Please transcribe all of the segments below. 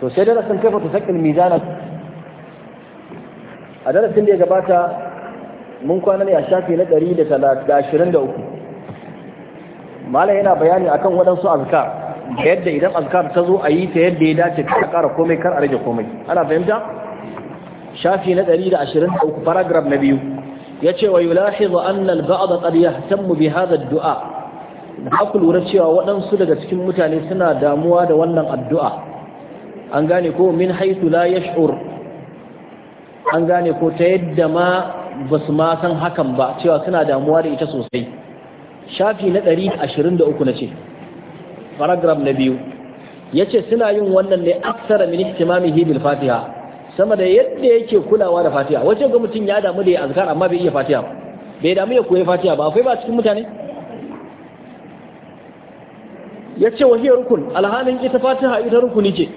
to sai darasin kaifa sakin mizanan a darasin da ya gabata mun kwana ne a shafi na 123 malam yana bayani akan waɗansu azkar da yadda idan azkar ta zo a yi ta yadda ya dace ta ƙara komai kar a rage komai ana fahimta shafi na 123 paragraf na biyu ya ce wa yulahizu anna al-ba'd qad yahtammu bi hadha ad-du'a da ku lura cewa waɗansu daga cikin mutane suna damuwa da wannan addu'a an gane ko min haisu la yash'ur an gane ko ta yadda ma ba su ma san hakan ba cewa suna damuwa da ita sosai shafi na 123 na ce paragraf na biyu ya ce suna yin wannan ne aksara min ihtimamihi bil fatiha sama da yadda yake kulawa da fatiha wace ga mutum ya damu da ya azkar amma bai iya fatiha bai damu ya koyi fatiha ba akwai ba cikin mutane ya ce wahiyar rukun alhalin ita fatiha ita rukuni ce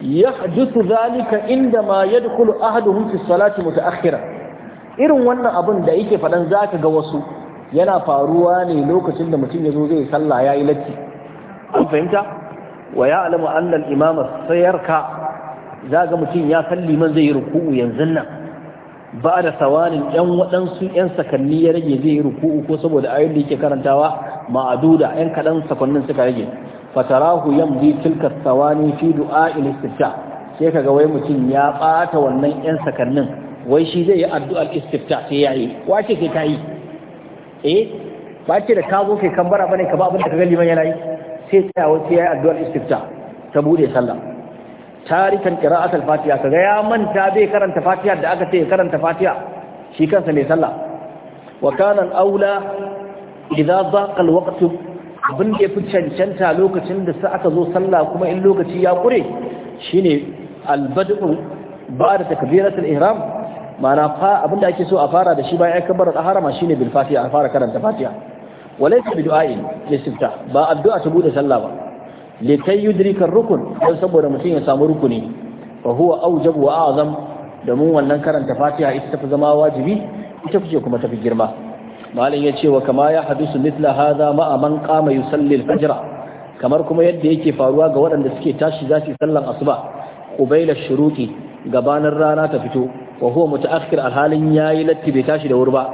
yahdusu zalika inda ma yadkhulu ahaduhum fi salati mutaakhira irin wannan abun da yake fadan zaka ga wasu yana faruwa ne lokacin da mutum ya zo zai sallah yayi latti an fahimta wa ya'lamu anna al-imam sayarka zaga mutum ya salli man zai ruku'u yanzu nan ba da sawanin yan waɗansu yan sakanni ya rage zai yi ruku'u ko saboda ayoyin da yake karantawa ma'aduda yan kaɗan sakonnin suka rage fatarahu yamdi tilka tsawani fi du'a, istifta sai kaga wai mutum ya bata wannan yan sakannin wai shi zai yi addu'ar istifta sai yayi wace ke tayi eh ba ce da ka zo kai kambara bane ka ba abin da kaga liman yana yi sai tsaya wai sai yayi addu'ar istifta ta bude sallah tarikan qira'at al-fatiha kaga ya manta bai karanta fatiha da aka ce karanta fatiha shi kansa mai sallah wa kana al-aula idza daqa al-waqtu abin da ya fi cancanta lokacin da sa aka zo sallah kuma in lokaci ya kure shine albadu ba da takbiratul ihram mana fa abin da ake so a fara da shi bayan kabarar harama shine bil fatiha a fara karanta fatiha ta bi du'ain listifta ba addu'a ta bude sallah ba likai yudrika rukun don saboda mutum ya samu rukuni fa huwa awjab wa a'zam domin wannan karanta fatiha ita tafi zama wajibi ita kuce kuma tafi girma malin ya ce wa kama ya hadisu mithla haza ma man manka mai al-fajr kamar kuma yadda yake faruwa ga waɗanda suke tashi za su sallan asuba qubayla shuruqi gabanin rana ta fito wa huwa mutaakhir alhalin yi latti bai tashi da wuri ba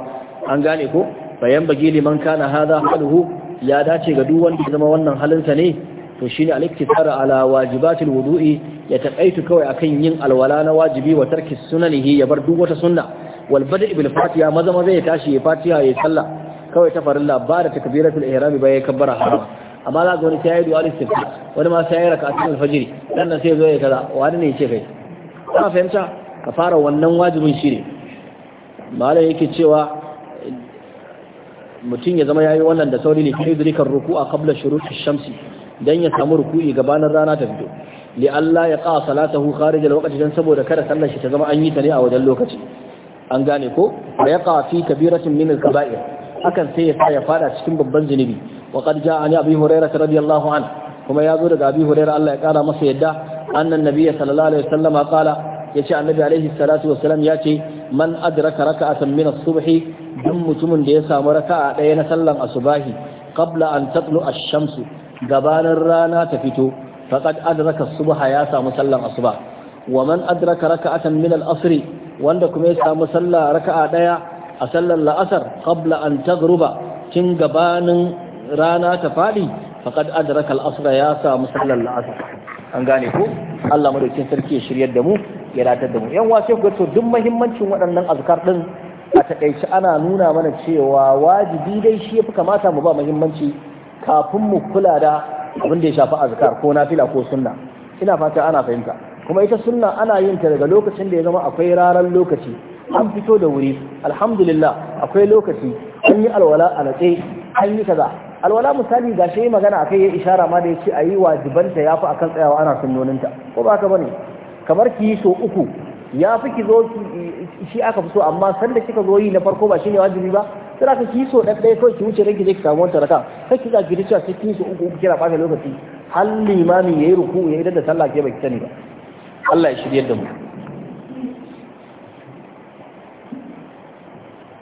an gane ko bayan bagi liman kana haza haluhu ya dace ga duk wanda zama wannan halinsa ne to shine al-iktisar ala wajibatil wudu'i ya taƙaitu kawai akan yin alwala na wajibi wa tarki sunanihi ya bar duk wata sunna Walbada, bada bil maza maza ya tashi ya fatiha ya salla kawai ta farilla ba da takbiratul ihram ba ya kabbara harama. amma za ga wani sai ya yi du'a istighfar wani ma sai ya raka atul fajr dan nan sai zo ya kaza wani ne ce kai ka fahimta ka fara wannan wajibin shine malai yake cewa mutum ya zama yayi wannan da sauri ne kai zurikan ruku'a qabla shuruqi shamsi dan ya samu ruku'i gabanin rana ta fito li Allah ya qa salatahu kharij al-waqti dan saboda kada sallar shi ta zama an yi ta ne a wajen lokaci an gane ko wa ya fi kabiratin minin al-kaba'ir hakan sai ya sa ya fada cikin babban zunubi wa an yi ani abi hurairah radiyallahu anhu kuma ya zo daga abi hurairah Allah ya kara masa yadda annan nabiyyi sallallahu alaihi wasallam ya ce annabi alaihi salatu wasallam ce man adraka raka'atan san as-subhi duk mutumin da ya samu raka'a daya na sallan asubahi qabla an tatlu ash-shamsu gabanin rana ta fito faqad adraka subha ya samu sallan asuba wa man adraka raka'atan min al-asri wanda kuma ya samu sallah raka'a daya a sallar la'asar qabla an taghruba tun gabanin rana ta fadi faqad adraka al ya samu sallar la'asar an gane ko Allah madaukin sarki ya shiryar da mu ya latar da mu yan wace ku to duk muhimmancin waɗannan azkar din a takaice ana nuna mana cewa wajibi dai shi yafi kamata mu ba muhimmanci kafin mu kula da abin da ya shafi azkar ko nafila ko sunna ina fata ana fahimta kuma ita sunna ana yin ta daga lokacin da ya zama akwai raran lokaci an fito da wuri alhamdulillah akwai lokaci an yi alwala a natse an yi kaza alwala misali ga shi magana akai ya ishara ma da ya a ayi wajibanta yafi akan tsayawa ana ta ko ba ka bane kamar ki so uku ya fi ki zo shi aka fi so amma da kika zo yi na farko ba shi shine wajibi ba sai ka ki so dan ɗaya kawai ki wuce ranki zai ki samu wata raka kai ki ga ki cewa sai ki so uku kira ba lokaci hal limami yayi ruku ya yi da sallah ke ta sani ba Allah ya shirye da mu